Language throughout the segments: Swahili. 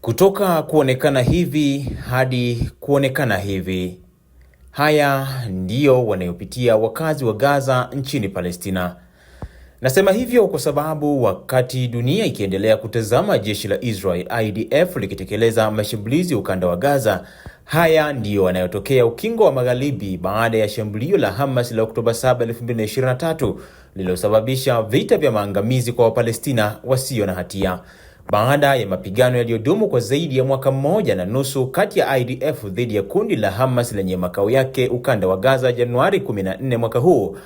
Kutoka kuonekana hivi hadi kuonekana hivi. Haya ndiyo wanayopitia wakazi wa Gaza nchini Palestina. Nasema hivyo kwa sababu wakati dunia ikiendelea kutazama jeshi la Israel IDF likitekeleza mashambulizi ya ukanda wa Gaza, haya ndiyo yanayotokea Ukingo wa Magharibi baada ya shambulio la Hamas la Oktoba 7, 2023 lililosababisha vita vya maangamizi kwa Wapalestina wasio na hatia baada ya mapigano yaliyodumu kwa zaidi ya mwaka mmoja na nusu kati ya IDF dhidi ya kundi la Hamas lenye makao yake ukanda wa Gaza Januari 14 mwaka huu,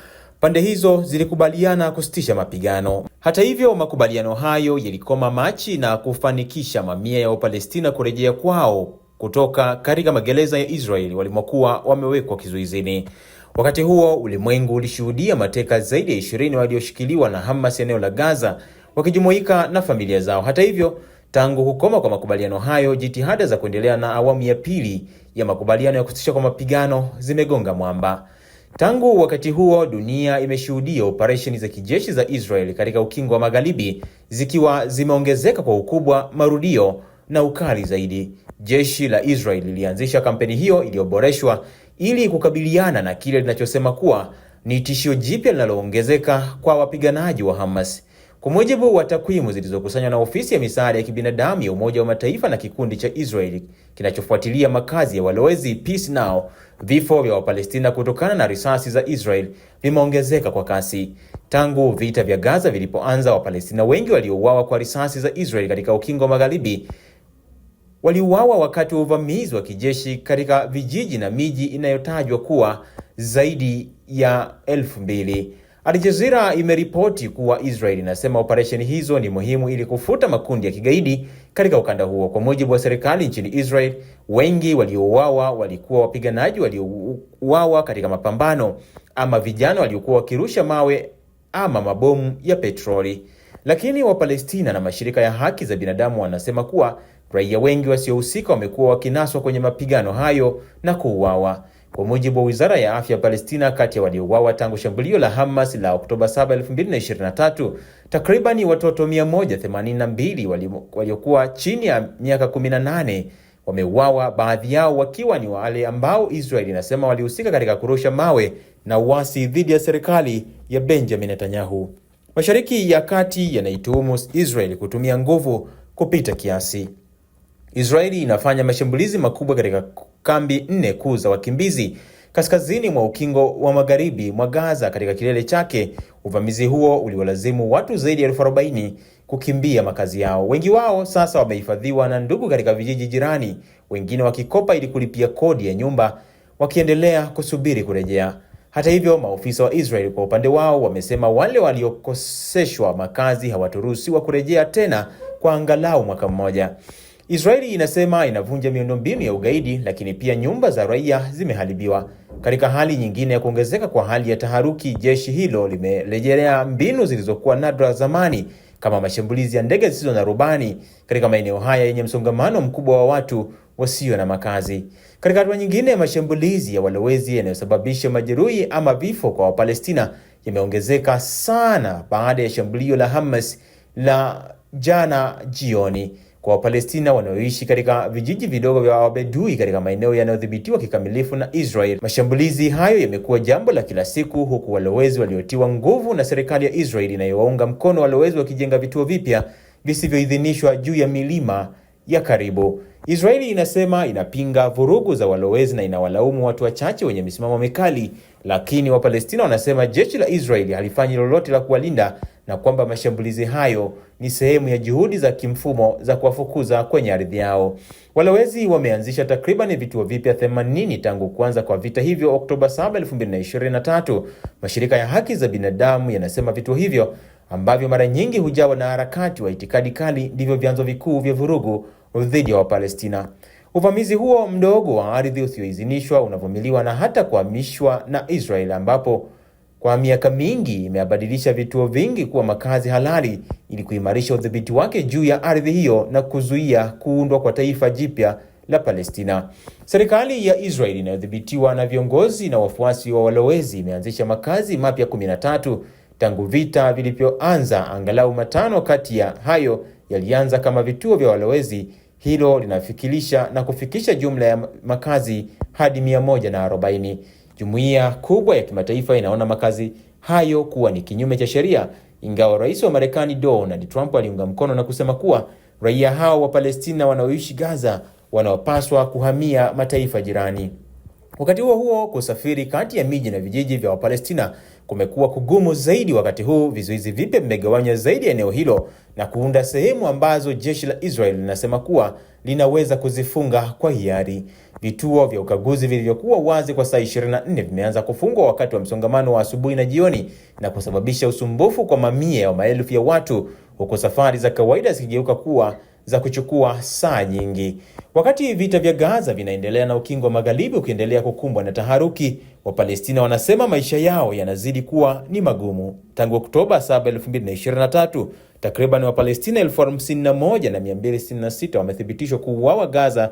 pande hizo zilikubaliana kusitisha mapigano. Hata hivyo, makubaliano hayo yalikoma Machi na kufanikisha mamia ya Wapalestina kurejea kwao kutoka katika magereza ya Israeli walimokuwa wamewekwa kizuizini. Wakati huo, ulimwengu ulishuhudia mateka zaidi ya 20 walioshikiliwa na Hamas eneo la Gaza wakijumuika na familia zao. Hata hivyo, tangu kukoma kwa makubaliano hayo, jitihada za kuendelea na awamu ya pili ya makubaliano ya kusitisha kwa mapigano zimegonga mwamba. Tangu wakati huo, dunia imeshuhudia operesheni za kijeshi za Israel katika Ukingo wa Magharibi zikiwa zimeongezeka kwa ukubwa, marudio na ukali zaidi. Jeshi la Israel lilianzisha kampeni hiyo iliyoboreshwa ili kukabiliana na kile linachosema kuwa ni tishio jipya linaloongezeka kwa wapiganaji wa Hamas. Kwa mujibu wa takwimu zilizokusanywa na ofisi ya misaada ya kibinadamu ya Umoja wa Mataifa na kikundi cha Israeli kinachofuatilia makazi ya walowezi Peace Now, vifo vya Wapalestina kutokana na risasi za Israel vimeongezeka kwa kasi. Tangu vita vya Gaza vilipoanza, Wapalestina wengi waliouawa kwa risasi za Israel katika Ukingo wa Magharibi waliuawa wakati wa uvamizi wa kijeshi katika vijiji na miji inayotajwa kuwa zaidi ya elfu mbili. Al Jazeera imeripoti kuwa Israel inasema operesheni hizo ni muhimu ili kufuta makundi ya kigaidi katika ukanda huo. Kwa mujibu wa serikali nchini Israel, wengi waliouawa walikuwa wapiganaji waliouawa katika mapambano ama vijana waliokuwa wakirusha mawe ama mabomu ya petroli. Lakini Wapalestina na mashirika ya haki za binadamu wanasema kuwa raia wengi wasiohusika wamekuwa wakinaswa kwenye mapigano hayo na kuuawa. Kwa mujibu wa wizara ya afya Palestina, kati ya waliouawa tangu shambulio la Hamas la Oktoba 7, 2023, takribani watoto 182 waliokuwa chini ya miaka 18 wameuawa, baadhi yao wakiwa ni wale ambao Israeli inasema walihusika katika kurusha mawe na uasi dhidi ya serikali ya Benjamin Netanyahu. Mashariki ya Kati yanaituhumu Israeli kutumia nguvu kupita kiasi. Israeli inafanya mashambulizi makubwa katika kambi nne kuu za wakimbizi kaskazini mwa ukingo wa magharibi mwa Gaza. Katika kilele chake, uvamizi huo uliwalazimu watu zaidi ya elfu arobaini kukimbia makazi yao. Wengi wao sasa wamehifadhiwa na ndugu katika vijiji jirani, wengine wakikopa ili kulipia kodi ya nyumba, wakiendelea kusubiri kurejea. Hata hivyo, maofisa wa Israel kwa upande wao wamesema wale waliokoseshwa makazi hawaturuhusiwa kurejea tena kwa angalau mwaka mmoja. Israeli inasema inavunja miundombinu ya ugaidi, lakini pia nyumba za raia zimeharibiwa. Katika hali nyingine ya kuongezeka kwa hali ya taharuki, jeshi hilo limerejelea mbinu zilizokuwa nadra zamani kama mashambulizi ya ndege zisizo na rubani katika maeneo haya yenye msongamano mkubwa wa watu wasio na makazi. Katika hatua nyingine, mashambulizi ya walowezi yanayosababisha majeruhi ama vifo kwa Wapalestina yameongezeka sana baada ya shambulio la Hamas la jana jioni kwa Wapalestina wanaoishi katika vijiji vidogo vya Wabedui katika maeneo yanayodhibitiwa kikamilifu na Israel. Mashambulizi hayo yamekuwa jambo la kila siku, huku walowezi waliotiwa nguvu na serikali ya Israel inayowaunga mkono walowezi wakijenga vituo vipya visivyoidhinishwa juu ya milima ya karibu. Israeli inasema inapinga vurugu za walowezi na inawalaumu watu wachache wenye misimamo mikali, lakini Wapalestina wanasema jeshi la Israeli halifanyi lolote la kuwalinda na kwamba mashambulizi hayo ni sehemu ya juhudi za kimfumo za kuwafukuza kwenye ardhi yao. Walowezi wameanzisha takriban vituo vipya 80 tangu kuanza kwa vita hivyo Oktoba 7, 2023. Mashirika ya haki za binadamu yanasema vituo hivyo ambavyo mara nyingi hujawa na harakati wa itikadi kali ndivyo vyanzo vikuu vya vurugu dhidi ya Wapalestina. Uvamizi huo mdogo wa ardhi usioidhinishwa unavumiliwa na hata kuhamishwa na Israel ambapo kwa miaka mingi imeabadilisha vituo vingi kuwa makazi halali ili kuimarisha udhibiti wake juu ya ardhi hiyo na kuzuia kuundwa kwa taifa jipya la Palestina. Serikali ya Israel inayodhibitiwa na viongozi na wafuasi wa walowezi imeanzisha makazi mapya 13 tangu vita vilivyoanza. Angalau matano kati ya hayo yalianza kama vituo vya walowezi. Hilo linafikilisha na kufikisha jumla ya makazi hadi 140. Jumuiya kubwa ya kimataifa inaona makazi hayo kuwa ni kinyume cha sheria, ingawa rais wa Marekani Donald Trump aliunga mkono na kusema kuwa raia hao wa Palestina wanaoishi Gaza wanaopaswa kuhamia mataifa jirani. Wakati huo huo, kusafiri kati ya miji na vijiji vya Wapalestina kumekuwa kugumu zaidi wakati huu, vizuizi vipya vimegawanya zaidi eneo hilo na kuunda sehemu ambazo jeshi la Israel linasema kuwa linaweza kuzifunga kwa hiari. Vituo vya ukaguzi vilivyokuwa wazi kwa saa 24 vimeanza kufungwa wakati wa msongamano wa asubuhi na jioni, na kusababisha usumbufu kwa mamia ya maelfu ya watu, huku safari za kawaida zikigeuka kuwa za kuchukua saa nyingi. Wakati vita vya Gaza vinaendelea na ukingo wa magharibi ukiendelea kukumbwa na taharuki, Wapalestina wanasema maisha yao yanazidi kuwa ni magumu. Tangu Oktoba 7, 2023, takriban Wapalestina 51,266 wamethibitishwa kuuawa Gaza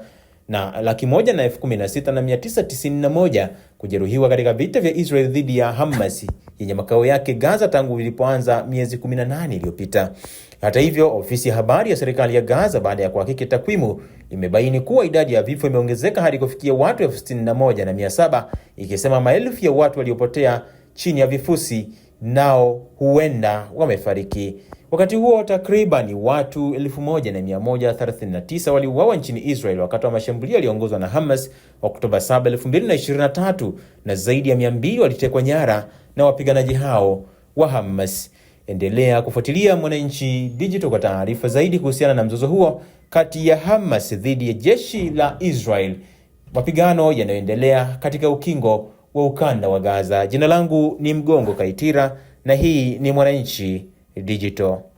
na laki moja na elfu kumi na sita na mia tisa tisini na moja kujeruhiwa katika vita vya Israel dhidi ya Hamas yenye makao yake Gaza tangu ilipoanza miezi 18 iliyopita. Hata hivyo, ofisi ya habari ya serikali ya Gaza baada ya kuhakiki takwimu imebaini kuwa idadi ya vifo imeongezeka hadi kufikia watu elfu sitini na moja na mia saba ikisema maelfu ya watu waliopotea chini ya vifusi nao huenda wamefariki. Wakati huo takriban watu 1139 waliuawa nchini Israel wakati wa mashambulio yaliyoongozwa na Hamas Oktoba 7, 2023 na zaidi ya 200 walitekwa nyara na wapiganaji hao wa Hamas. Endelea kufuatilia Mwananchi Digital kwa taarifa zaidi kuhusiana na mzozo huo kati ya Hamas dhidi ya jeshi la Israel, mapigano yanayoendelea katika ukingo wa ukanda wa Gaza. Jina langu ni Mgongo Kaitira na hii ni Mwananchi Digital.